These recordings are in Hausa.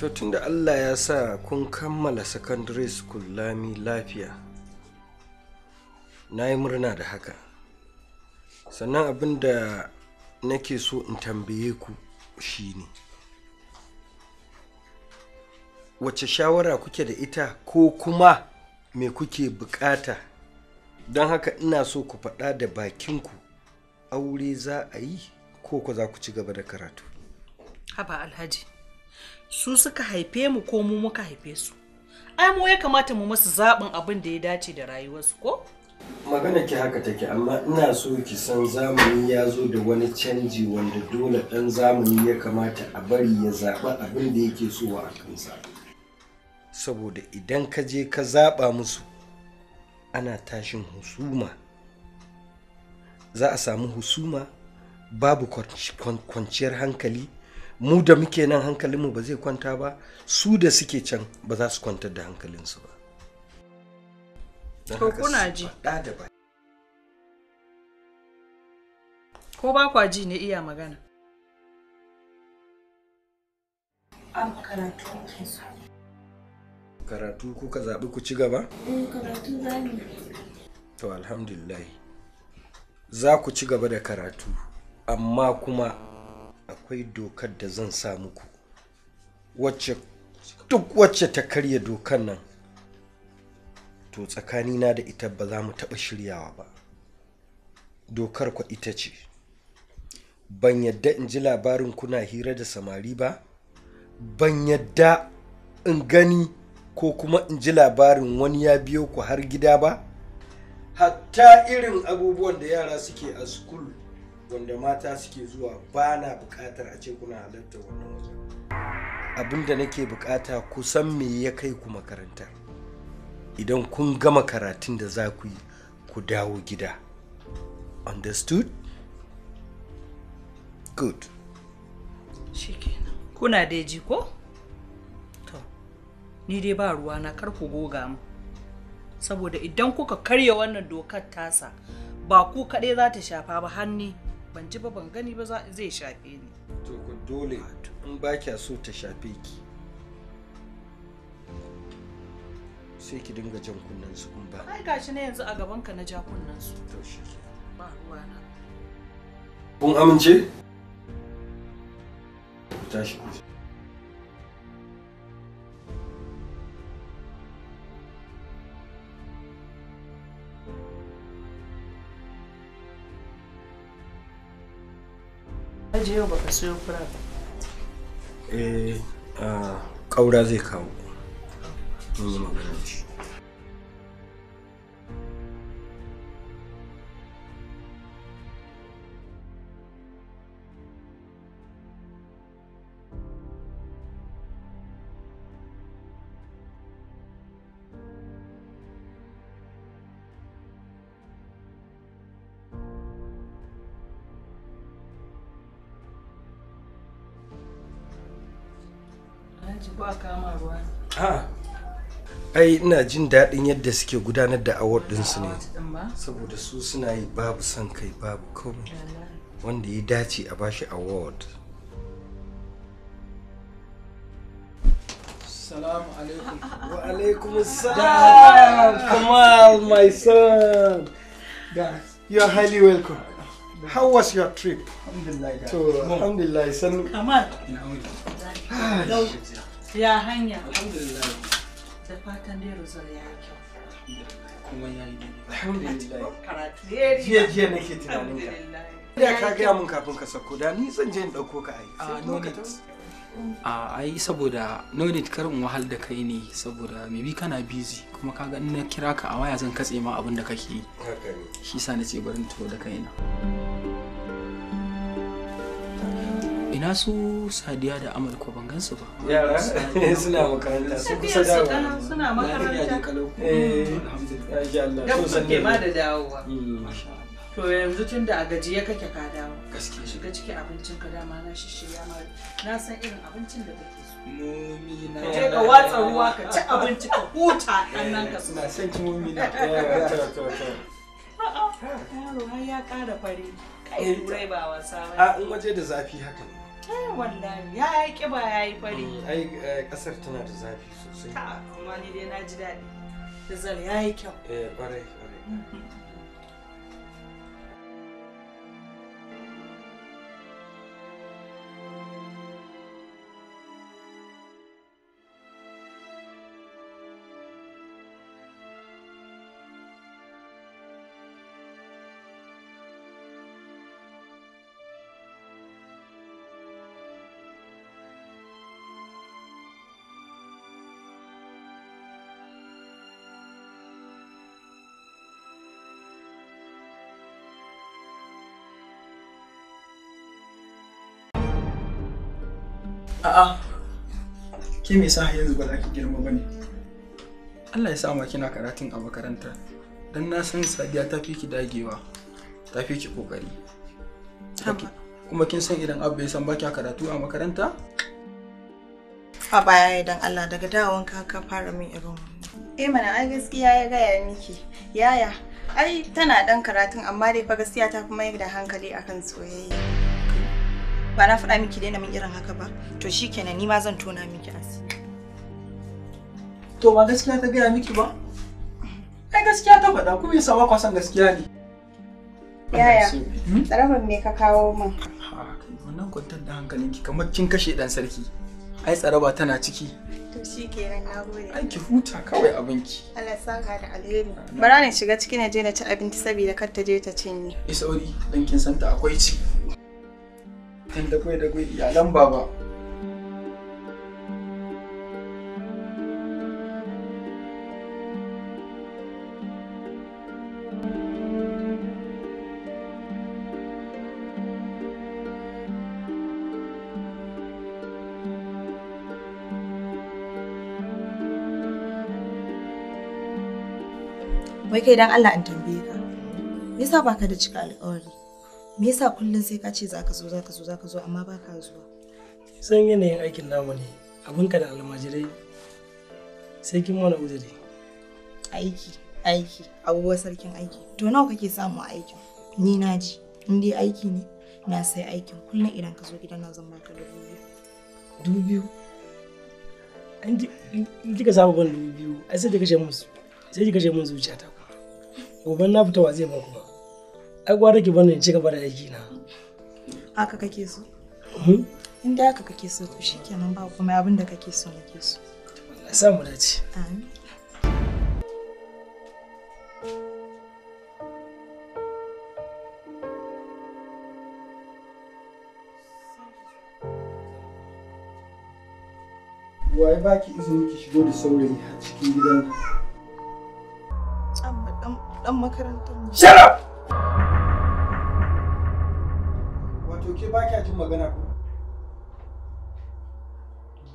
to tunda allah ya sa kun kammala secondary school lami lafiya na yi murna da haka sannan abin da nake so in tambaye ku shine wace shawara kuke da ita ko kuma me kuke bukata don haka ina so ku faɗa da bakinku aure za a yi ko ku za ku ci gaba da karatu haba alhaji su suka haife mu ko mu muka haife su ai mu ya kamata mu musu zaɓin abin da ya dace da rayuwarsu ko magana ki haka take amma ina so ki san zamani ya zo da wani canji wanda dole dan zamani ya kamata a bari ya zaɓa abin da yake so a kansa saboda idan ka je ka zaɓa musu ana tashin husuma za a samu husuma babu kwanciyar hankali mu da muke nan hankalinmu ba zai kwanta ba su da suke can ba za su kwantar da hankalinsu ba ko kuna ba kwa ji ne iya magana an karatu karatu kuka zaɓi ku ci gaba? Eh, karatu za to alhamdulillah za ku ci gaba da karatu amma kuma akwai dokar da zan sa muku wacce duk wacce ta karya dokar nan to tsakanina da ita ba za mu taɓa shiryawa ba dokar ku ita ce ban yadda in ji labarin kuna hira da samari ba ban yadda in gani ko kuma in ji labarin wani ya biyo ku har gida ba hatta irin abubuwan da yara suke a school wanda mata suke zuwa ba na bukatar a ce kuna halarta wannan wajen abin nake bukata kusan me ya kai ku makarantar idan kun gama karatun da za ku yi ku dawo gida understood good shikenan kuna da ji ko to ni dai ba ruwa na kar ku goga mu saboda idan kuka karya wannan dokar tasa ba ku kaɗai za ta shafa ba hanni ban ji ba ban gani ba zai shafe ni to ku dole in ba kya so ta shafe ki sai ki dinga jan kunnen su kun ba ai gashi na yanzu a gaban ka na ja kunnen su to shi ba ruwa na kun amince ku tashi ku Haji yau baka siyo Eh, ah, ƙaura zai kawo. ai ina jin daɗin yadda suke gudanar da award ɗinsu ne saboda su suna yi babu son kai babu komai wanda ya dace a bashi award Salamu alaikum. Ah, ah, ah, Wa alaikum salam. Kamal, my son. Guys, are highly welcome. How was your trip? Alhamdulillah. To, alhamdulillah. Kamal. Ya hanya. Alhamdulillah. da fatan dai result ya yi kyau kuma ya yi alhamdulillah karatu ya jiya jiya nake tunanin ka da ka gaya min kafin ka sako da ni zan je in dauko ka ai ah, a ah, ai saboda no need karin wahal da kai ne saboda maybe kana busy kuma kaga in na kira ka a waya zan katse ma abin da kake yi shi sa na ce barin to da kaina ina su sadiya da amal ko ban gansu ba yara eh, suna makaranta su kusa da wa suna makaranta eh mm, alhamdulillah ya Allah ma da dawowa mm, to yanzu tun da agaji ya kake ka dawo gaske shiga ciki abincin ka dama na shishirya ma na san irin abincin da kake so momi je ka watsa ruwa ka ci abinci ka huta dan nan ka eh, suna san ki momi na eh, to to to yaro har ya kara fari kai turai ba wasa ba a in waje da zafi haka ne Ta wallahi ya yi ƙiba ya yi fari. Mm, ai ƙasar eh, tana da zafi sosai. Ta amma ni dai na ji daɗi. Da zal ya yi kyau. Eh ƙwarai ƙwarai. Mm-hmm. A'a. Ke me yasa har yanzu ba za ki girma bane? Allah ya sa ma kina karatun a makaranta. Dan na san Sadiya ta fi ki dagewa. Ta fi ki kokari. Kuma kin san idan Abba ya san baki karatu a makaranta? A baya idan Allah daga dawon ka fara min irin Eh mana ai gaskiya ya gaya miki. Yaya, ai tana dan karatun amma dai fa gaskiya ta fi mai da hankali akan soyayya. ba na faɗa miki daina min irin haka ba to shikenan ni ma zan tona miki asiri to ba gaskiya ta gaya miki ba ai gaskiya ta faɗa kuma yasa ba san gaskiya ne yaya hmm? tsaraban me ka kawo min wannan kwantar da hankalinki kamar kin kashe dan sarki ai tsaraba tana ciki to shikenan gode ai ki huta kawai abinki Allah saka da alheri bara ne shiga ciki na je na ci abinci saboda kar ta je ta cinye isauri dan kin santa akwai ci kan da dagwai iyalan baba wai kai dan Allah in tambaye ka me yasa baka da cika alƙawari me yasa kullum sai ka ce zaka zo zaka zo zaka zo amma ba ka zuwa san yanayin aikin namu ne abin ka da almajirai sai kin mana uzuri aiki aiki abubuwa sarkin aiki to nawa kake samu aikin ni na ji in dai aiki ne na sai aikin kullum idan ka zo gidan na zan baka dubu biyu dubu biyu in kika samu ban dubu biyu ai sai kika kashe mun sai kika kashe mun zuciyata gobe na fita wa zai ba ku ba ai gwara ki bane ci gaba da aiki na aka kake so hmm? in da aka kake so to shikenan ba kuma abin da kake so nake so Allah ya samu dace amin waye ba ki izini ki shigo da saurayi a cikin gidan? Amma dan makarantar mu. Shut up! to ke ba kya jin magana ko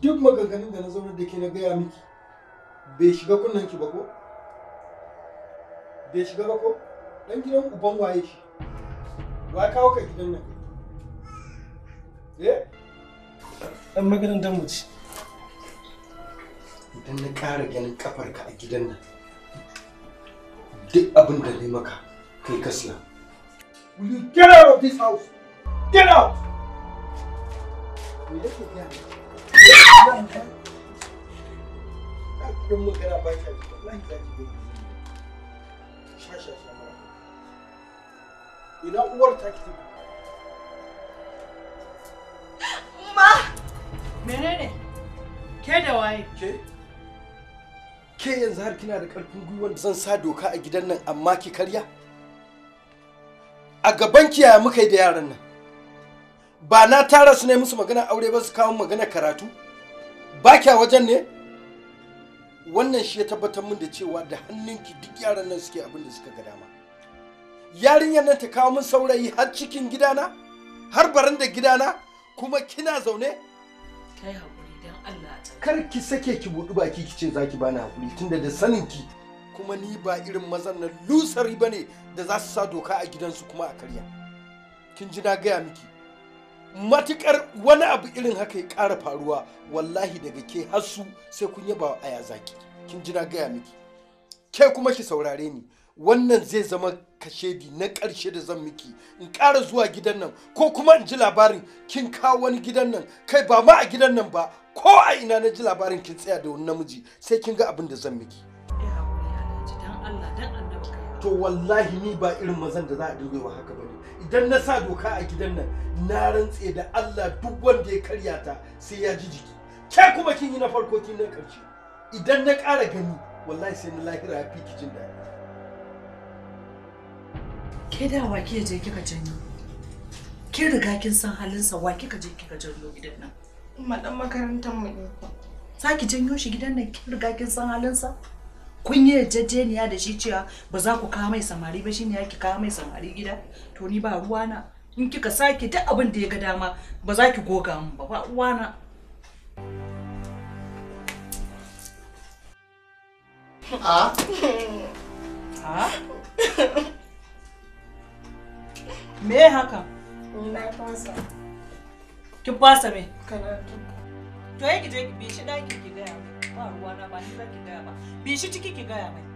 duk maganganun da na zaunar da ke na gaya miki bai shiga kunnan ki ba ko bai shiga ba ko dan gidan uban waye shi wa kawo ka gidan nan eh dan maganan dan muci idan na ƙara ganin kafarka a gidan nan duk abin da ne maka kai kasla will you get out of this house Get out! Ina uwar ta ki Ma! Menene? Ke da waye? Ke? yanzu har kina da ƙarfin gwiwar zan sa doka a gidan nan amma ki karya? A gaban kiyaye yaya muka yi da yaran nan? ba na tara su ne musu magana aure ba su kawo magana karatu ba kya wajen ne wannan shi ya tabbatar min da cewa da hannunki duk yaran nan suke abin da suka ga dama yarinyar nan ta kawo min saurayi har cikin gidana har barin da gidana kuma kina zaune kai hakuri dan Allah kar ki sake ki budu baki ki ce zaki bani hakuri tunda da sanin ki kuma ni ba irin mazan nan lusari bane da za su sa doka a gidansu kuma a karya kin ji na gaya miki matukar wani abu irin haka ya ƙara faruwa wallahi daga ke hasu sai kun yaba aya zaki kin jina gaya miki ke kuma ki saurare ni wannan zai zama kashedi na ƙarshe da zan miki in ƙara zuwa gidan nan ko kuma in ji labarin kin kawo wani gidan nan kai ba ma a gidan nan ba ko a ina na ji labarin kin tsaya da wani namiji sai kin ga abin da zan miki to wallahi ni ba irin mazan da za a wa haka ba idan na sa doka a gidan nan na rantse da Allah duk wanda ya karya ta sai ya ji jiki ke kuma kin yi na farko kin na karshe idan na ƙara gani wallahi sai na lahira ya fi kicin da ke da wa ke je kika janyo ke riga kin san halinsa wa kika je kika janyo gidan nan madan makarantar mu ne ki janyo shi gidan nan kin riga kin san halinsa kun yi yarjejeniya da shi cewa ba za ku kawo mai samari ba shine yake kawo mai samari gida to ni ba ruwana in kika sake duk abin da ya ga dama ba za ki goga mun ba ba uwana a a me haka na fasa ki fasa me karatu to yake je ki bi shi daki ki ga ba ruwa na ba ni ki gaya ba. Be shi ciki ki gaya mai.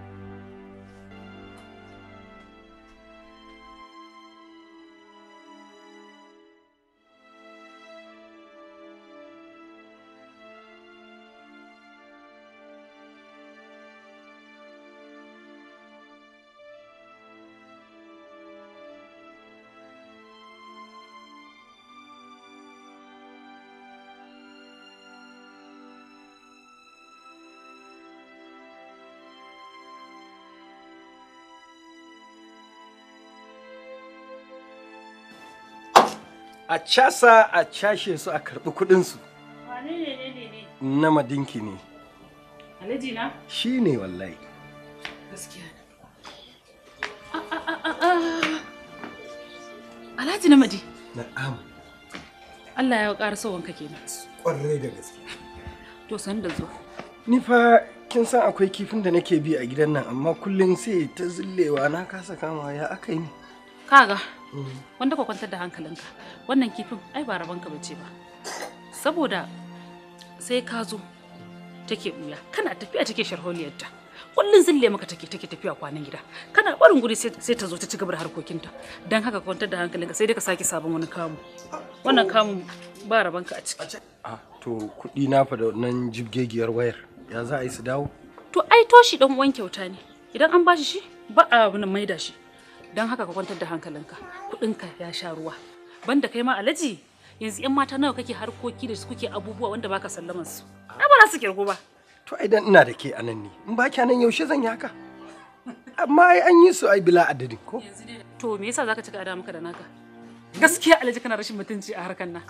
a casa a cashe su a karɓi kuɗinsu. Wane ne ne ne? Na madinki ne. Alhaji na? Shi ne wallahi. Gaskiya ne. Alhaji na madi. Na'am. Allah ya ƙara sauwanka kenan. Ƙwarai da gaske. To san da zo. Ni fa kin san akwai kifin da nake bi a gidan nan amma kullum sai ta zillewa na kasa kama ya aka yi ne. kaga mm. wanda ka kwantar da hankalinka wannan kifin ai ba rabanka bace ba saboda sai ka zo take buya kana tafiya take sharholiyarta kullun zille maka take take tafiya kwanan gida kana barin guri sai ta zo ta ci gaba da harkokinta dan haka kwantar da hankalinka sai dai ka sake sabon wani kamu wannan oh. kamu ba rabanka a ciki a to kudi na fa da nan jibgegiyar wayar ya za a yi su dawo to ai toshi dan uwan kyauta ne idan an bashi shi ba a nan maida shi don haka ka kwantar da hankalinka kuɗinka ya sha ruwa banda kai ma alaji yanzu yan mata nawa kake harkoki da su kuke abubuwa wanda baka sallaman su ai ba za su kirgo ba to ai dan ina da ke anan ne in ba anan yaushe zan yi haka amma ai an yi su ai bila adadin ko to me yasa zaka cika ada maka da naka gaskiya alaji kana rashin mutunci a harkan nan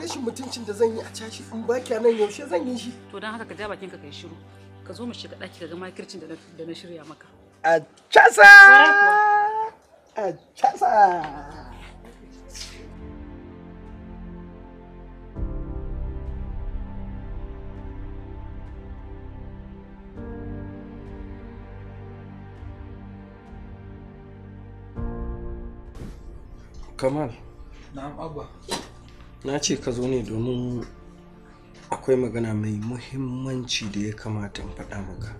rashin mutuncin da zan yi a cashi in ba anan yaushe zan yi shi to dan haka ka ja bakin ka kai shiru ka zo mu shiga daki ka ga makircin da na shirya maka a casa a Kamal. Na'am Abba. Na ce ka zo ne domin akwai magana mai muhimmanci da ya kamata in faɗa maka.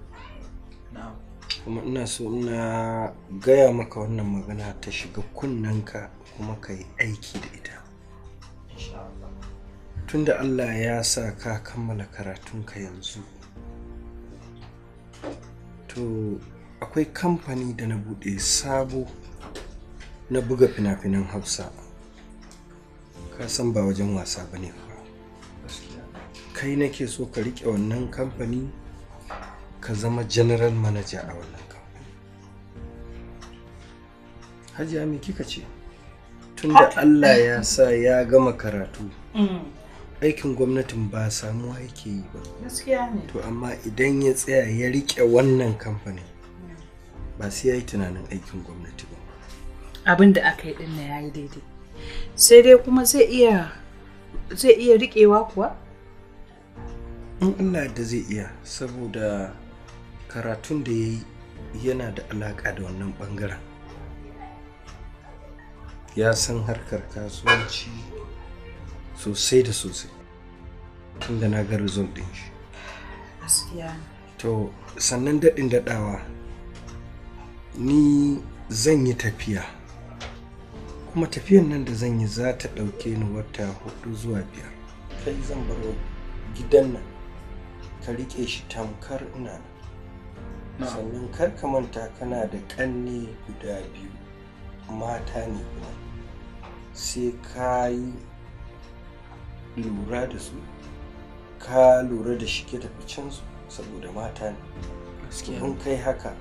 Na'am. kuma ina so ina gaya maka wannan magana ta shiga ka kuma ka yi aiki da ita tunda allah ya sa ka kammala karatunka yanzu to akwai kamfani da na buɗe sabo na buga fina-finan hausa ka san ba wajen wasa ba ne kai nake so ka rike wannan kamfani ka zama general manager a wannan kamfani me kika ce tunda allah ya sa ya gama karatu mm. aikin gwamnatin ba samuwa yake yi ba to amma idan ya tsaya ya rike wannan kamfani ba sai ya yi tunanin aikin gwamnati ba abin da aka yi din na ya yi daidai sai dai kuma zai iya zai iya riƙewa kuwa in Allah da zai iya saboda karatun da ya yi yana da alaƙa da wannan ɓangaren ya san harkar kasuwanci sosai da sosai tunda na ga result ɗin shi to sannan daɗin daɗawa ni zan yi tafiya kuma tafiyan nan da zan yi za ta ɗauke ni wata hudu zuwa biyar kai zan bar gidan nan ka riƙe shi tamkar ina nan sannan kar ka manta kana da ƙanne guda biyu mata ne kuma sai ka yi lura da su ka lura da shige da su saboda mata ne in kai haka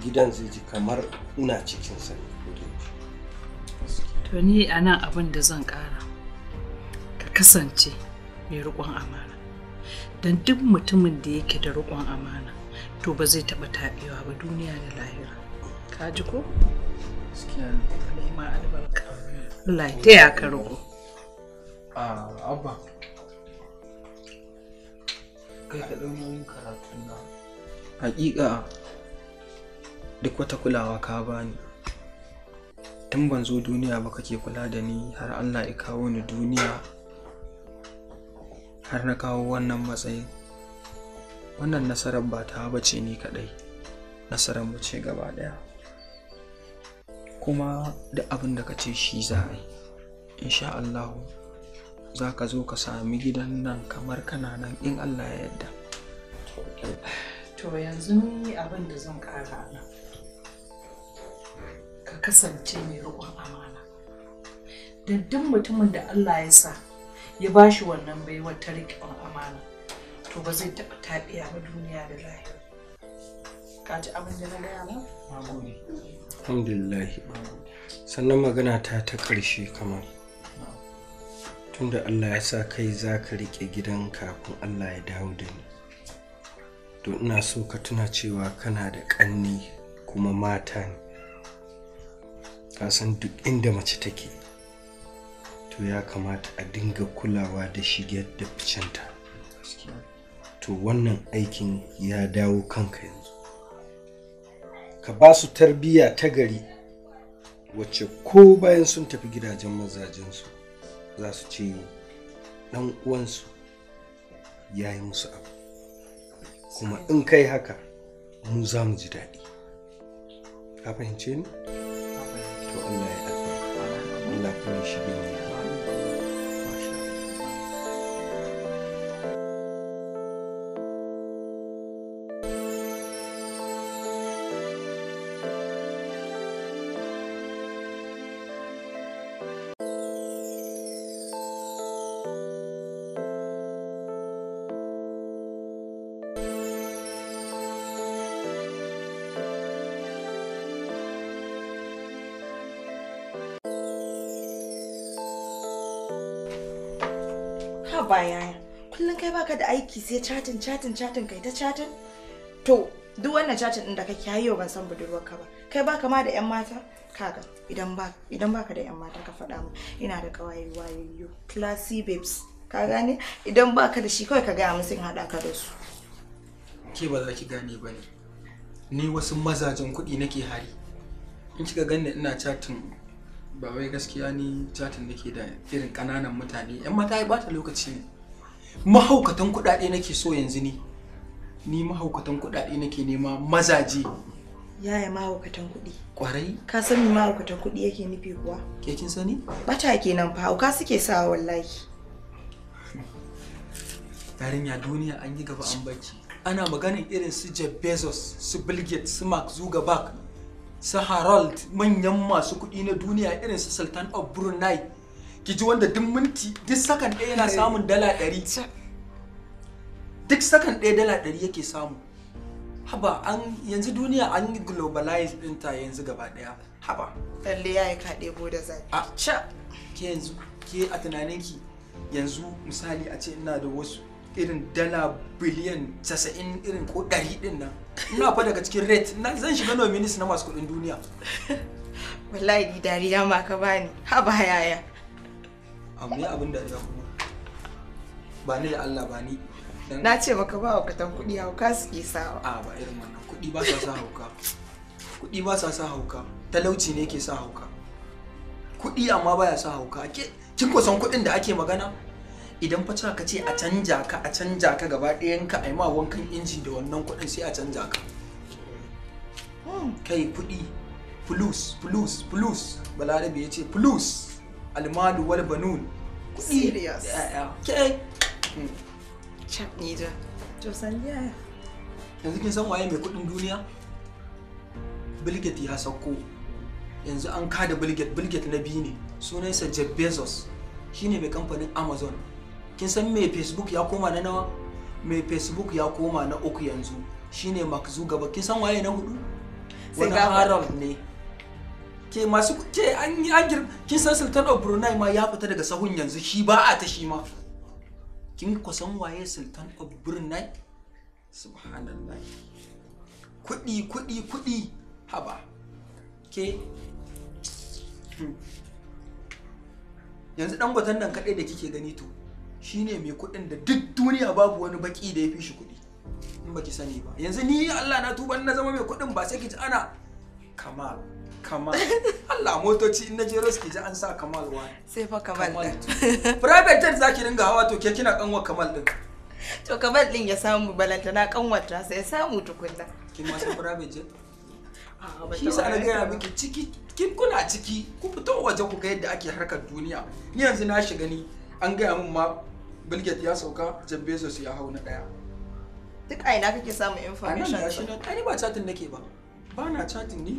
gidan zai ji kamar ina cikin sa to ni a nan abin da zan ƙara ka kasance mai riƙon amana don duk mutumin da yake da riƙon amana to ba zai taɓa taɓewa ba duniya da lahira ka ji ko albarka Allah ya taya ka roƙo ah, abba kai ka ɗan karatu na hakika duk wata kulawa ka bani tun ban zo duniya ba kake kula da ni har Allah ya kawo ni duniya har na kawo wannan matsayin wannan nasarar ba ta ba ce ni kaɗai nasarar mu ce gaba ɗaya kuma da abin da ka ce shi za a yi insha Allahu za ka zo ka sami gidan nan kamar kana nan in Allah ya yadda. to yanzu ni abin da zan ƙara nan ka kasance mai riƙon amana da mutumin da Allah ya sa ya bashi wannan baiwar ta riƙon amana to ba zai taɓa taɓiya ba duniya da lahira ka ji abin da na gaya ba alhamdulillah sannan magana ta ta ƙarshe kamar tunda allah ya sa kai za ka riƙe gidan kafin allah ya dawo da ni to ina so ka tuna cewa kana da ƙanni kuma mata ne ka san duk inda mace take to ya kamata a dinga kulawa da shigar da ficenta. to wannan aikin ya dawo kanka yanzu ka ba su tarbiyya ta gari wacce ko bayan sun tafi gidajen mazajensu za su ce ɗan uwansu ya yi musu abu kuma in kai haka mu za mu ji daɗi ka fahimce ni? to Allah ya Allah kuma shi baka da aiki sai chatin chatin chatin kai ta chatin to duk wannan chatin din da kake yayo ban san budurwarka ba kai baka ma da yan mata kaga idan ba idan baka da yan mata ka faɗa mu ina da kawaye wayoyo classy babes ka gane idan baka da shi kawai ka gaya mu sun haɗa ka da su ke ba za ki gane ba ne ni wasu mazajen kuɗi nake hari in kika ganni ina chatin ba wai gaskiya ni chatin nake da irin ƙananan mutane yan mata ba ta lokaci ne mahaukatan kuɗaɗe nake so yanzu ni ni mahaukatan kuɗaɗe nake nema mazaje yaya mahaukatan kuɗi ƙwarai ka san sani mahaukatan kuɗi yake nufi kuwa ke kin sani bata kenan fa hauka suke sawa wallahi yarinya duniya an yi gaba an baki ana maganin irin su Jeff Bezos su Bill Gates su Mark Zuckerberg su Harold manyan masu kuɗi na duniya irin su Sultan of Brunei ki ji wanda duk minti duk sakan ɗaya yana eh. samun dala ɗari duk sakan ɗaya dala ɗari yake samu haba an yanzu duniya an yi globalize ɗinta yanzu gaba ɗaya haba lalle ya yi kaɗe bo da zai a ca ke yanzu ke a tunaninki yanzu misali a ce ina da wasu irin dala biliyan 90 irin ko 100 ɗin nan ina fa daga cikin rate na zan shiga nominis na masu kuɗin duniya wallahi ni dariya ma ka bani haba yaya amma ya abin dariya kuma ba ni da Allah ba ni na ce baka ba haukatan kuɗi hauka su ke sawa a ba irin wannan kuɗi ba sa sa hauka kuɗi ba sa sa hauka talauci ne ke sa hauka kuɗi amma baya sa hauka kin ko san kuɗin da ake magana idan fa ka ce a canja ka a canja ka gaba ɗayan ka yi ma wankan inji da wannan kuɗin sai a canja ka hmm. kai kuɗi plus plus plus balarabe ya ce plus almalu wal banun kuɗi da ya'ya ke hmm. chap ni da to san ya yanzu kin san waye mai kuɗin duniya bilget ya sauko yanzu an kada bilget bilget na biyu ne sunansa jeff bezos shine mai kamfanin amazon kin san mai facebook ya koma na nawa mai facebook ya koma na uku yanzu shine mark zuckerberg kin san waye na hudu wani harold ne ke masu ke an yi an girma kin san sultan of brunei ma ya fita daga sahun yanzu shi ba a ta shi ma kin ku san waye sultan of brunei subhanallah kuɗi kuɗi kuɗi haba ke hmm. yanzu dan gwatan nan kaɗai da kike gani to shine mai kuɗin da duk duniya babu wani baki da ya fi shi kuɗi in baki sani ba yanzu ni Allah na tuban na zama mai kuɗin ba sai ki ana kamal kamal Allah motoci in naje roski ji an sa kamal wa sai fa kamal private jet zaki dinga hawa to ke kina kanwa kamal din to kamal din ya samu balanta na kanwata sai ya samu tukunna kin ma san private jet shi sa na gaya miki ciki kin kuna ciki ku fito waje ku ga yadda ake harkar duniya ni yanzu na shiga ni an gaya min ma bilget ya sauka jeff bezos ya hau na daya duk aina kake samun information a nan ba chatin nake ba ba na chatin ni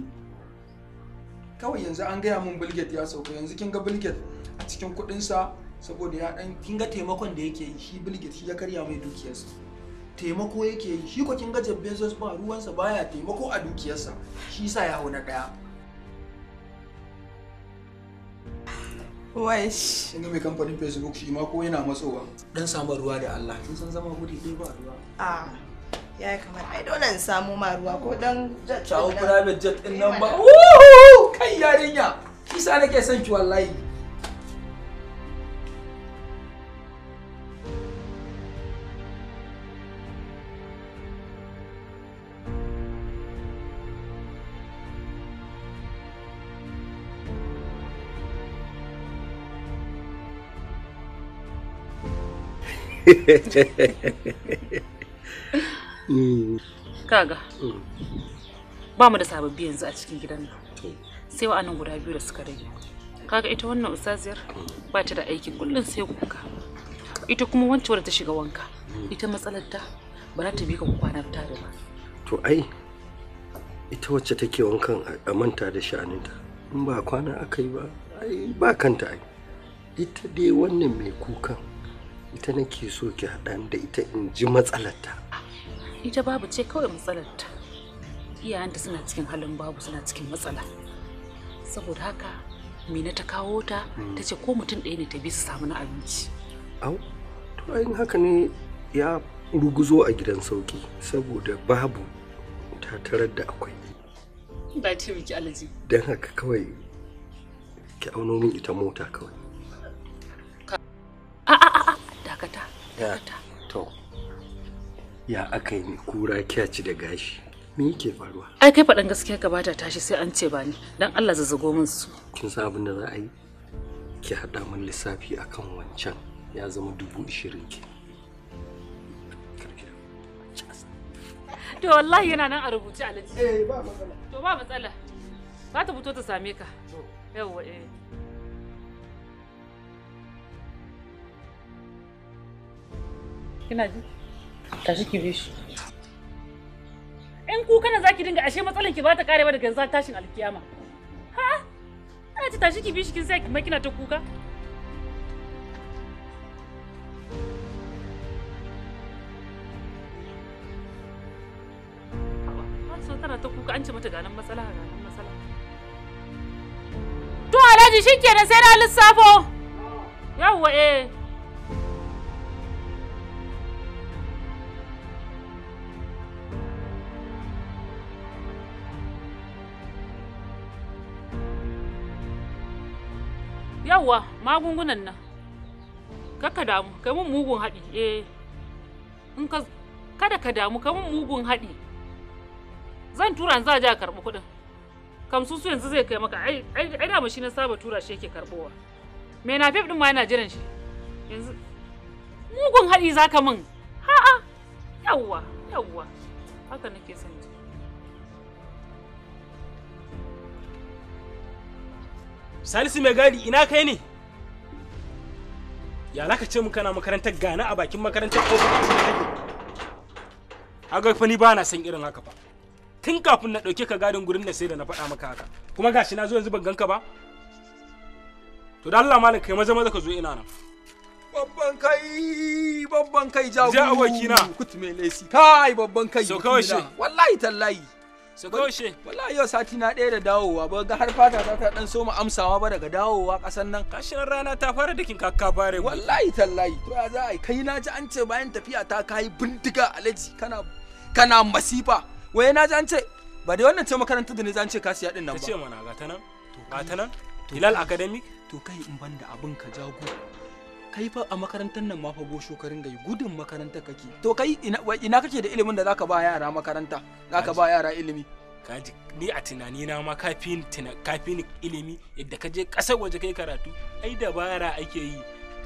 kawai yanzu an gaya mun bilget ya sauka yanzu kin ga bilget a cikin kuɗinsa saboda ya ɗan kin ga taimakon da yake yi shi bilget shi ya karya mai dukiyarsa taimako yake yi shi ko kin ga Jeff Bezos ba ruwansa baya taimako a dukiyarsa shi sa ya hau na ɗaya Wesh. Kin ga mai kamfanin Facebook shi ma ko yana matsowa. Dan samu ruwa da Allah. Kin san zama gudi dai ba ruwa. Ah. ya kamar ai dole in samu ma ruwa ko dan jet shawo private jet din nan ba kai yarinya kisa nake son ki wallahi Mm. kaga mm. ba mu da sababbi yanzu a cikin gidan nan sai wa'annan guda biyu da suka rage kaga ita wannan usaziyar mm. ba ta da aiki kullum sai kuka ita kuma wanda ta shiga wanka ita matsalar ta ba za ta bi ka kwana ta da ba to ai ita wacce take wankan a manta da sha'aninta in ba kwana aka yi ba ai ba kanta ai ita dai wannan mai kukan ita nake so ki haɗa da ita in ji matsalarta ita babu ce kawai matsalarta iyayenta suna cikin halin babu suna cikin matsala saboda haka mina ta kawo ta hmm. ta ce ko mutum ɗaya ne ta bi su samu na abinci au to ayin haka ne ya ruguzo a gidan sauki saboda babu ta tarar da akwai ba ce miki alaji don haka kawai ki auno min ita mota kawai a a a dakata dakata to ya aka yi kura kyaci da gashi me yake faruwa ai kai faɗan gaskiya ka bata tashi sai an ce ba ni dan Allah zazzago min su kin san abin da za a yi ki hada min lissafi akan wancan ya zama dubu ishirin ki to wallahi yana nan a rubuce a alhaji eh ba matsala to ba matsala za ta fito ta same ka yawwa eh kina ji tashi ki bi shi in kuka na zaki dinga ashe matsalar ki ba ta karewa daga yanzu tashin alkiyama ha ana ta tashi ki bi shi kin sai kuma kina ta kuka so tana ta kuka an ce mata ganin matsala ganin matsala to alhaji shikenan sai na lissafo yawwa eh yawwa magungunan nan kakka damu kai mun mugun haɗi eh in ka kada ka damu kai mun mugun haɗi zan tura za a a karɓi kuɗin kamsu su yanzu zai kai maka ai ai da shi na saba tura shi yake karɓowa me na fif din ma yana jiran shi yanzu mugun haɗi zaka min ha'a yawwa yawwa haka nake sani. Salisu mai gadi ina kai ne? Ya ka ce mun kana makarantar gana a bakin makarantar ko Aga fa ni ba na san irin haka fa. Tun kafin na dauke ka gadin gurin da sai da na faɗa maka haka. Kuma gashi na zo yanzu ban ganka ba. To da Allah malam kai maza maza ka zo ina nan. Babban kai babban kai jago. Ja abokina. Kutume lesi. Kai babban kai. So kawai shi. Wallahi tallahi. su kaushe wallahi yau sati na ɗaya da dawowa ba ga har fata ta ta dan soma amsawa ba daga dawowa kasan nan kashin rana ta fara dikin kakka bare wallahi tallahi to ya za a yi. kai na ji an ce bayan tafiya ta kayi bindiga alaji kana kana masifa waye na ji an ce ba da wannan ce makarantar da ne zan ce ka siya din nan ba ce mana ga ta nan ga ta nan hilal academic to kai in banda abin ka jago kai fa a makarantar nan ma fa go shokarin gai gudun makaranta kake to kai ina ina kake da ilimin da zaka ba yara makaranta zaka ba yara ilimi kaji ni a tunani na ma kafin kafin ilimi yadda ka je kasar waje kai karatu ai dabara ake yi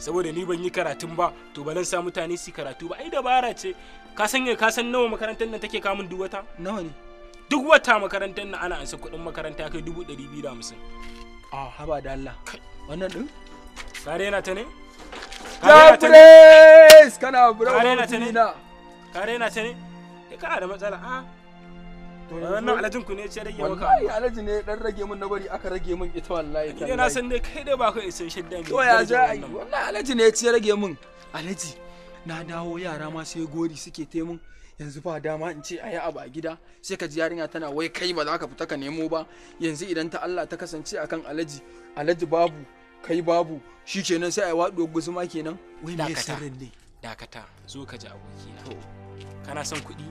saboda ni ban yi karatun ba to balan sa mutane su karatu ba ai dabara ce ka san ka san nawa makarantar nan take kamun duk wata nawa ne duk wata makarantar nan ana ansa kuɗin makaranta kai dubu ɗari biyu da hamsin a ah, haba da Allah wannan ɗin sare yana ta ne Jabres kana bura na. ta ne? Kai kana da matsala a. Ah. To wannan alajin ku ne ce rage maka. Wallahi alaji ne dan rage min na bari aka rage min ita wallahi. Ni na san dai kai dai ba ka isa shiddan. To ya ja wallahi alaji ne ce rage min. Alaji na dawo yara ma sai gori suke te yanzu ba dama in ce a yi abu a gida sai ka ji yarinya tana wai kai ba za ka fita ka nemo ba yanzu idan ta Allah ta kasance akan alaji alaji babu kai babu shi kenan sai a yi waɗo guzuma kenan wai me sirrin ne dakata zo ka ji aboki na kana son kuɗi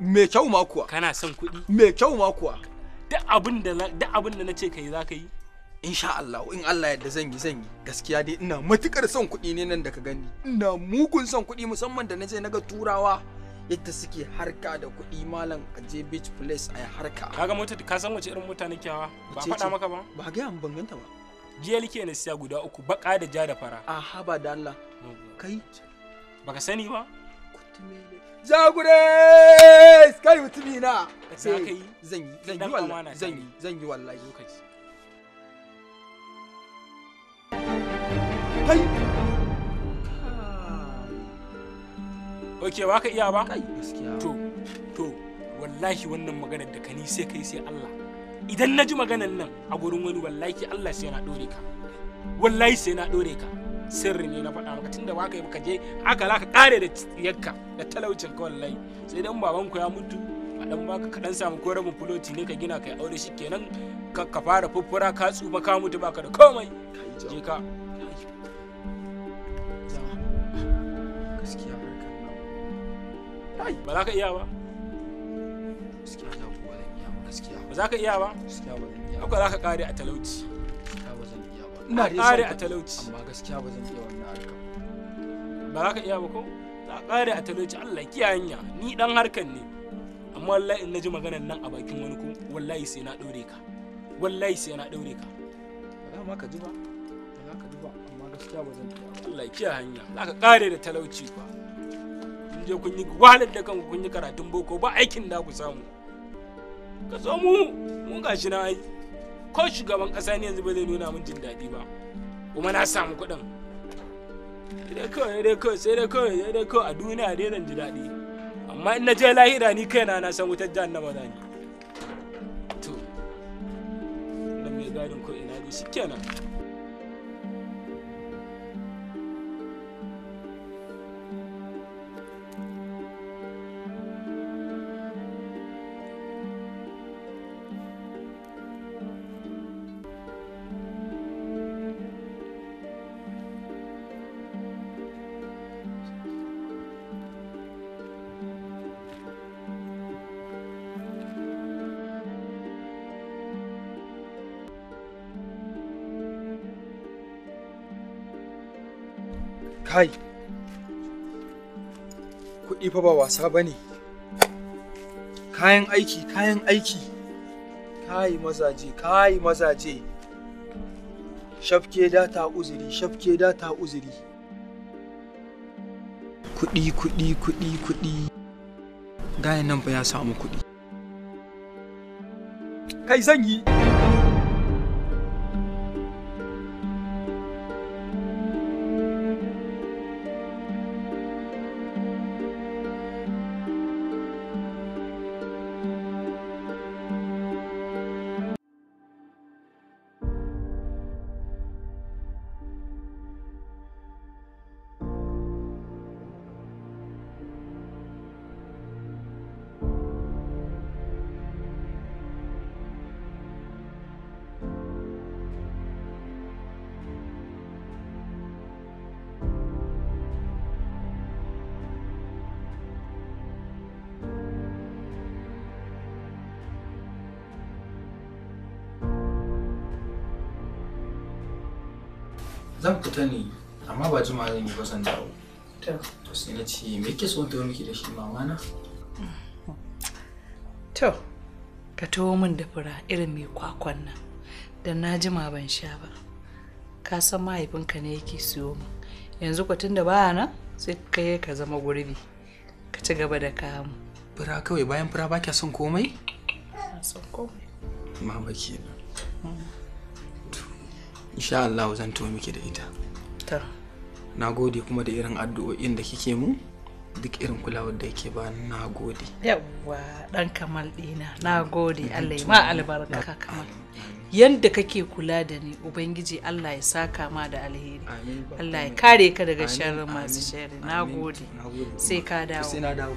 me kyau ma kuwa kana son kuɗi me kyau ma kuwa duk abin da duk abin da nace kai za ka yi insha Allah in Allah yadda zan yi zan yi gaskiya dai ina matukar son kuɗi ne nan da ka gani ina mugun son kuɗi musamman da nace naga turawa yadda suke harka da kuɗi malam a je beach place a harka kaga mota ka san wace irin mutane kyawa ba faɗa maka ba ba ga ban ganta ba GLK na siya guda uku baka da ja da fara. A ah, haba da Allah. Kai? Baka sani ba? Jagure! Kai mutumi na. Sai ka yi zan yi zan yi wallahi zan yi zan yi wallahi lokaci. Kai. Oke ba ka iya ba? Kai gaskiya. To to wallahi wannan maganar da ka ni sai kai sai Allah. idan na ji maganan nan a gurin wani wallahi Allah sai na dore ka wallahi sai na dore ka sirri ne na faɗa maka tunda ba ka yi je haka za ka kare da yakka da talaucin ka wallahi sai dan baban ku ya mutu a dan baka ka dan samu ko rabin fuloti ne ka gina kai aure shi kenan ka ka fara fuffura ka tsufa ka mutu baka da komai je ka gaskiya ba za ka iya ba za ka iya ba haka za ka kare a talauci ina kare a talauci amma gaskiya ba zan iya wannan harka ba za ka iya ba ko za ka kare a talauci Allah kiyaye hanya ni dan harkan ne amma wallahi in naji maganar nan a bakin wani ko wallahi sai na daure ka wallahi sai na daure ka ba za ma ka ji ba ba za ka ji ba amma gaskiya ba zan iya Allah kiyaye hanya za ka kare da talauci ba kun je kun yi wahalar da kanku kun yi karatun boko ba aikin da ku samu ka zo mu mun gashi na ai ko shugaban kasa ne yanzu ba zai nuna mun jin daɗi ba kuma na samu kuɗin dai kawai dai kawai sai dai kawai dai kawai a duniya dai zan ji daɗi amma in na je lahira ni kaina na san wutar jahannama za ni to dan mai gadin ko ina dai shikenan Kai, kuɗi fa ba wasa ba ne. Kayan aiki, kayan aiki. Kai mazaje, kai mazaje. Shafke data uzuri, shafke data uzuri. Kuɗi, kuɗi, kuɗi, kuɗi. Gayan nan ba ya samu kuɗi. Kai zan yi. zan fita ne amma ba jima zan yi ba zan dawo to sai na ce me kike so ta miki da shi mama na to ka taho min da fura irin mai kwakwan nan da na jima ban sha ba ka san mahaifinka ne yake siyo min yanzu ku tunda ba na sai kai ka zama gurbi ka ci gaba da kamu fura kawai bayan fura ba kya son komai son komai mama kenan insha Allah zan to miki da ita ta na gode kuma da irin addu'o'in da kike mu duk irin kulawar da yake ba na gode yawwa dan kamal dina na gode Allah ma albarka kamal yanda kake kula da ni ubangiji Allah ya saka ma da alheri Allah ya kare ka daga sharrin masu sharri na gode sai ka dawo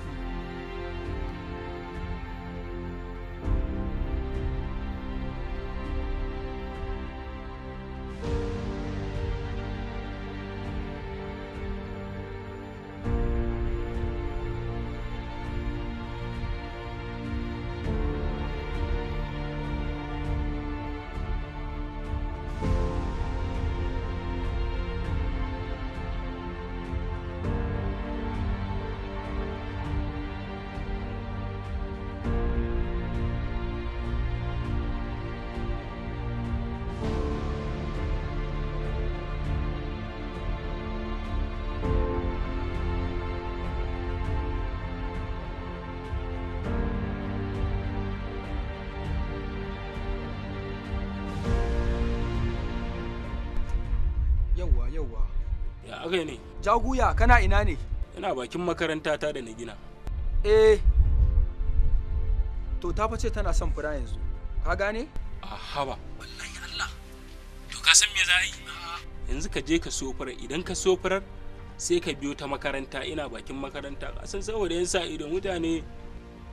yauwa ya aka ne jaguya kana ina ne ina bakin makaranta ta da na gina eh to ta ce tana son fura yanzu ka gane a haba wallahi Allah to ka san me za a yi yanzu ka je ka so furar idan ka so furar sai ka biyo ta makaranta ina bakin makaranta a san saboda yan sa ido mutane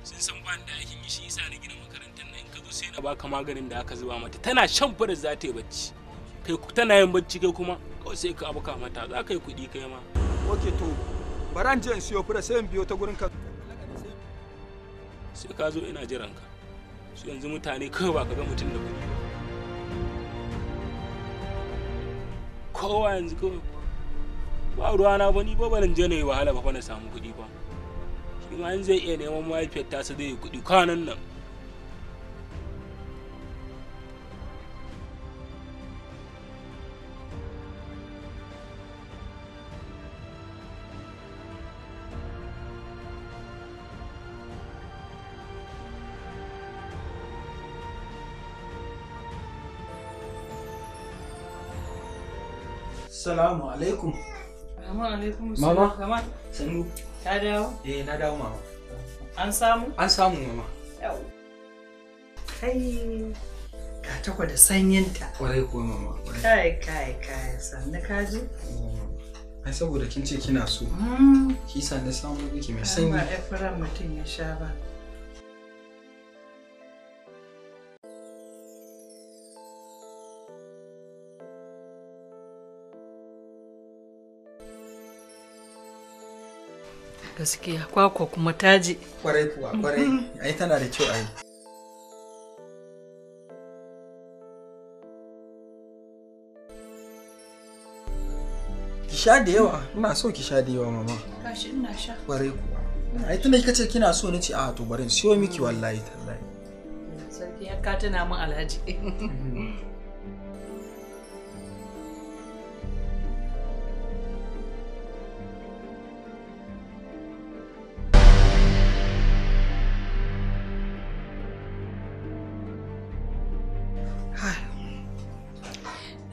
sun san ban da yakin yi shi yasa na gina makarantar nan in ka zo sai na baka maganin da aka zuba mata tana shan fura za ta yi bacci kai tana yin bacci kai kuma ko sai ka abuka mata za ka yi kuɗi kai ma ok to baran siyo fura sai in biyo ta gurin ka sai ka zo ina jiran ka su yanzu mutane kawai ba ka ga mutum da kuɗi kowa yanzu kawai ba ruwa na ba ni ba balan je na yi wahala ba fa na samu kuɗi ba shi ma in zai iya neman mahaifiyar ta su zai yi kuɗi kwanan nan Assalamu alaikum. Assalamu alaikum. Mama. Mama. Sanu. Ka dawo? Eh, na dawo mama. An samu? An samu mama. Yau. Kai. Ka takwa da sanyinta. Kwarai ko mama. Kai kai kai sannu ka ji? Ai saboda kin ce kina so. Kisa mm. na samu miki mai sanyi. Ba ɗan mutum ya sha ba. gaskiya kwakwa kuma taji kwarai kuwa kwarai mm-hmm. ai tana da kyau ai ki sha da yawa ina so ki sha da yawa mama kashi ina sha kwarai kuwa ai tunda kika ce kina so ni ci a ah, to bari siyo miki wallahi tallahi sarki ya ka tana mun alhaji mm-hmm.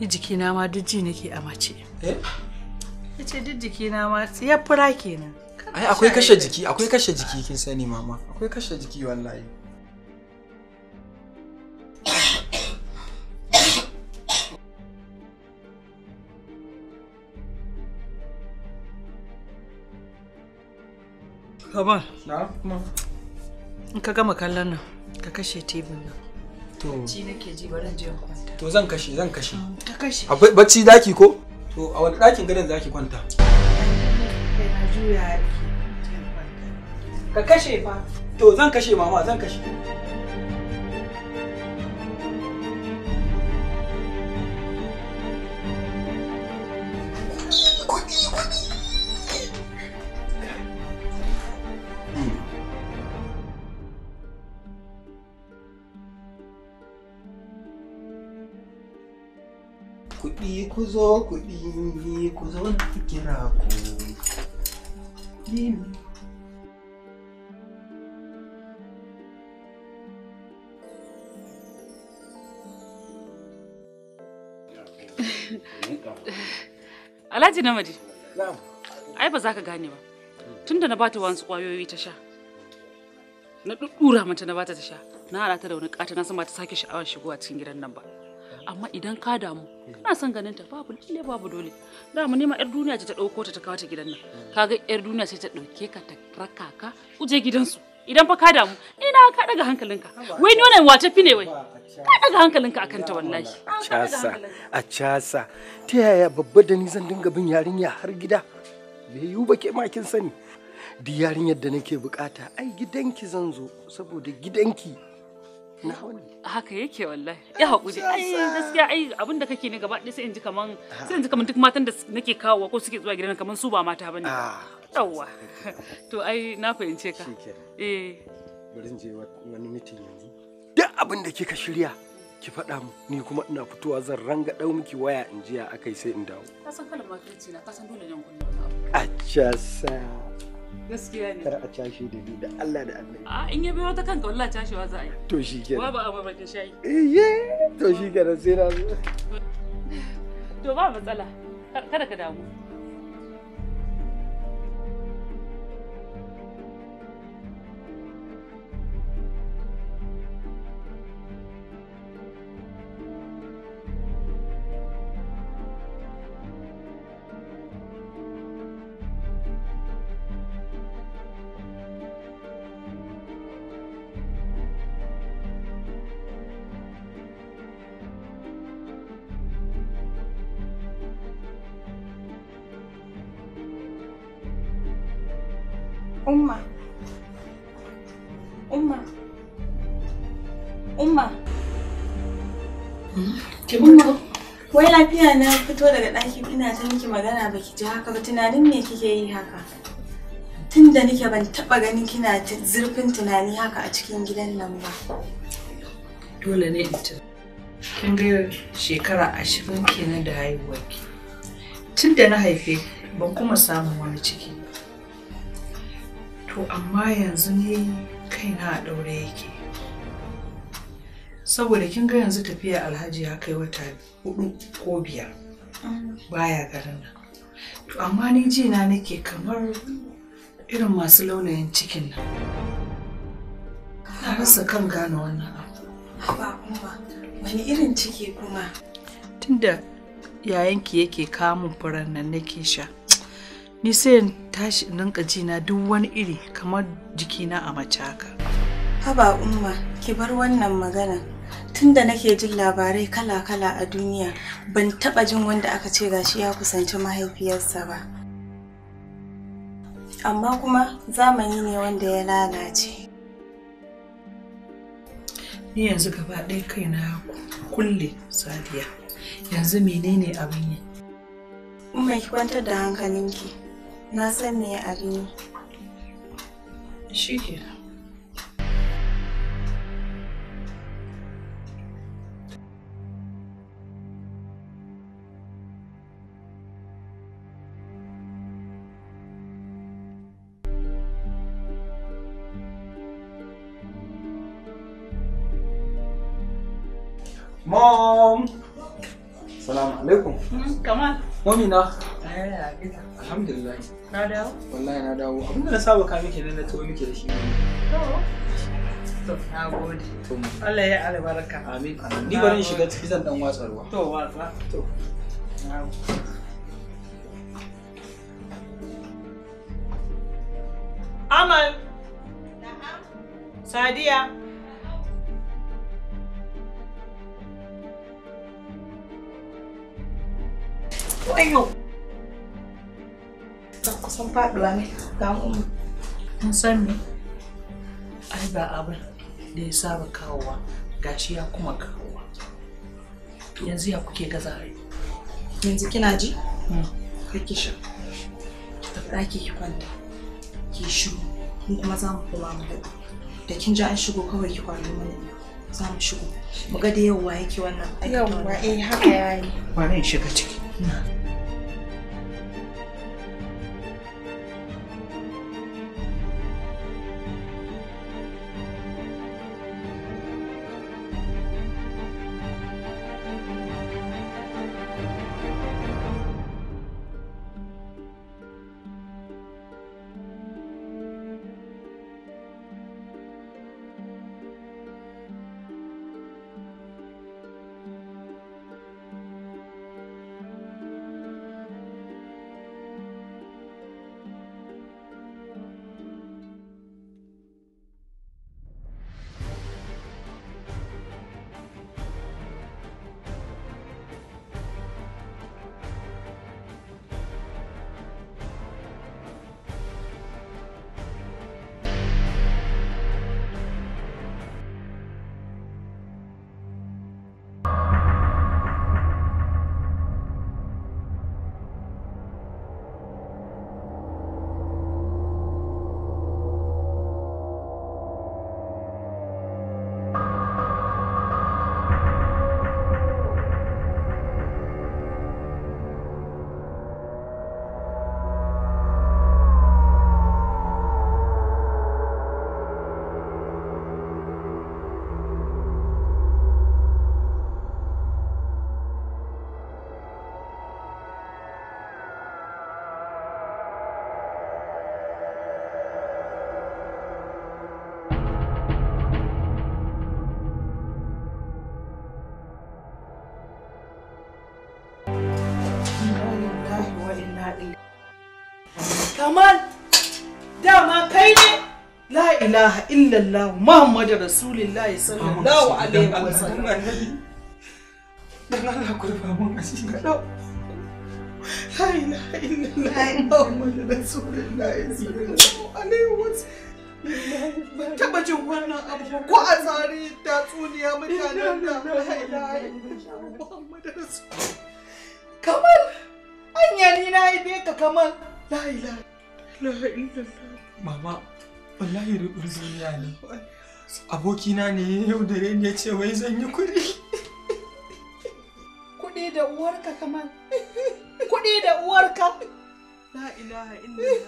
ni jikina ma duk ji nake a mace eh yace duk jikina ma ya fura kenan ai akwai kashe jiki akwai kashe jiki kin sani mama akwai kashe jiki wallahi Kamal. Na, kuma. In ka gama kallon nan, ka kashe tebin nan. bacci nake ji bari je kwanta to zan kashe zan kashe ka kashe akwai bacci daki ko to a wani dakin gadon zaki kwanta kai na juya ka kashe fa to zan kashe mama zan kashe ku zo ni ɗimi ku zo na kira ku ni. Alhaji Namadi. Ai ba za ka gane ba. Tunda na bata wasu kwayoyi ta sha. Na ɗuɗɗura mata na bata ta sha. Na halata ta da wani ƙata na sama ta sake sha'awar shigowa cikin gidan nan ba. amma idan ka damu kana son ganin ta babu lalle babu dole mu nema yar duniya ce ta dauko ta ta kawo ta gidan nan kaga yar duniya sai ta dauke ka ta raka ka uje gidansu idan fa ka damu ina ka daga hankalinka wai ni wannan wace fine wai ka daga hankalinka akan ta wallahi a casa a casa ta yaya babba da ni zan dinga bin yarinya har gida bai yiwu ba ke ma kin sani di yarinyar da nake bukata ai gidanki zan zo saboda gidanki haka yake wallahi ya haƙuri ai gaskiya ai abin da kake ne gaba ɗaya sai in ji kaman sai in ji kaman duk matan da nake kawo ko suke zuwa gidan kaman su ba mata bane ah. yawwa to ai na fahimce ka eh bari in je wani meeting yanzu duk abin da kika shirya ki faɗa mu ni kuma ina fitowa zan ranga ɗau miki waya in jiya akai sai in dawo ka san kalan na ka san dole gaskiya ne kar a cashe da ni da Allah da Allah a in ya biyo ta kanka wallahi cashewa za a yi to shi kenan ba ba bakin shayi eh, eh to shi kenan sai na zo to ba matsala kada ka damu fito daga ɗakin ina ta miki magana baki ji haka ba tunanin me kike yi haka tun da nike ban taɓa ganin kina zurfin tunani haka a cikin gidan nan ba dole ne ita kin ga shekara ashirin kenan da ki tun da na haife ban kuma samun wani ciki to amma yanzu ne kaina a ɗaure yake saboda kin ga yanzu tafiya alhaji ya kai wata hudu ko biyar baya garin nan to amma ni ji na nake kamar irin masu launayin cikin nan na rasa kan gane wannan ba kuma wani irin ciki kuma tunda yayanki yake kamun furan nan nake sha ni sai in tashi in rinka ji na duk wani iri kamar jikina a mace haka haba umma ki bar wannan magana tunda nake jin labarai kala-kala a duniya ban taba jin wanda aka ce gashi ya kusanci mahaifiyarsa ba amma kuma zamani ne wanda ya lalace ni yanzu gaba ɗaya kaina kulle sadiya yanzu menene abin yi mai kwantar da hankalinki na san me abin yi shi kenan Mom! Salamu alaikum. Kamal. Mami na. Alhamdulillah. Na dawo? Wallahi na dawo. Abinda na saba ka miki ne na tuwo miki da shi. To. na gode. Allah ya albarka. Amin. Ni bari in shiga cikin zan dan watsa ruwa. To watsa. To. Na Amal. Sadia wayo ta kusan faduwa ne ga umma an san me ai ba abin da ya saba kawowa ga shi ya kuma kawowa yanzu ya kuke gaza rai yanzu kina ji hmm. kake sha ki ɗaki ki kwanta ki shiru mu kuma za mu koma mu da kin ji an shigo kawai ki kwano mana za mu shigo mu ga da yawwa yake wannan aikin yawwa eh haka yayi bari in shiga ciki 嗯。la ilaha illallah muhammadu rasulillah sallallahu alaihi wa sallam dan Allah ku mun dau la ilaha illallah sallallahu alaihi wa sallam taba jin wannan abu ko a tsari tatsuniya mutanen da la ilaha illallah kamal anya ni na yi ka kamal la ilaha illallah mama wallahi rubin duniya ne abokina ne yau da rain ya ce wai zan yi kuɗi kuɗi da uwarka kamar kuɗi da uwarka la ilaha illallah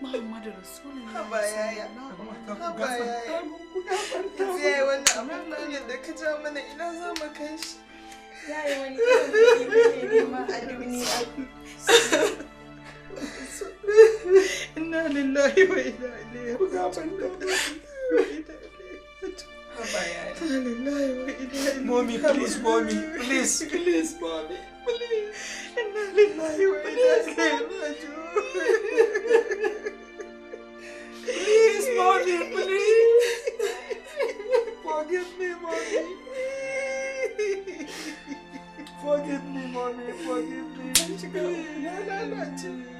muhammadu rasulullah ba ya haba ya yi wannan abin kunyar da ka ja mana ina za mu kai shi Ya yi wani irin kuɗi ne ma a duniya إنا لله وإنا إليه Mommy, please, mommy, please, please, mommy, please. إنا لله وإنا إليه Please, mommy, please. Forgive me, mommy. Forgive me, mommy. Forgive me. Forgive me.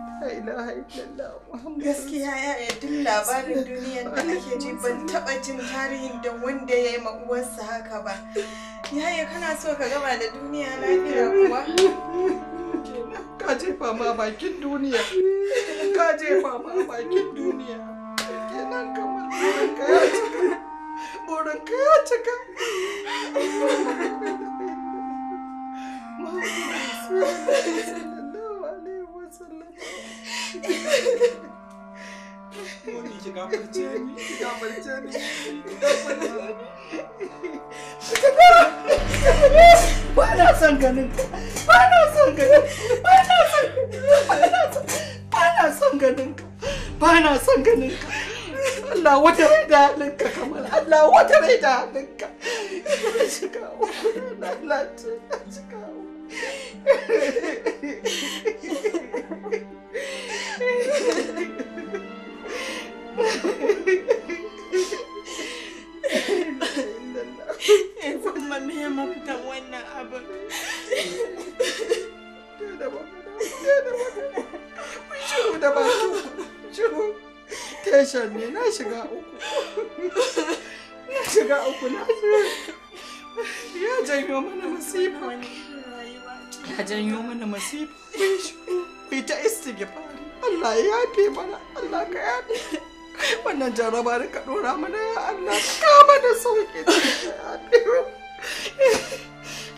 gaskiya ya duk labarin duniyar da ake ji ban taba jin tarihin da wanda ya yi uwarsa haka ba yaya kana so ka gama da duniya lafiya kuwa ka je fama bakin duniya ka jefa ma bakin duniya kenan kamar burinka ya cika burinka ya cika Thank you. Moni ki ka, ka, ka. Allah wata da Allah wata da depression ne na shiga uku na shiga uku na ya janyo mana masifa ya janyo mana masifa ku ta istighfar Allah ya yafe mana Allah ka yafe wannan jaraba da ka dora mana ya Allah ka mana sauki da yafe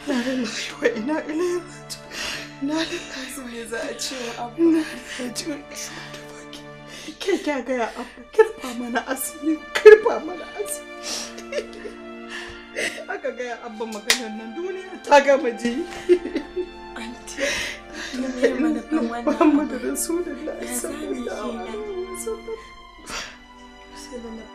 na lillahi wa ina ilaihi raji'un na lillahi za a ce wa abu na lillahi Ke kya gaya abu kirba mana asiri kirba mana Aka gaya abba maganar nan duniya ta gama ji. Anti, mana da su da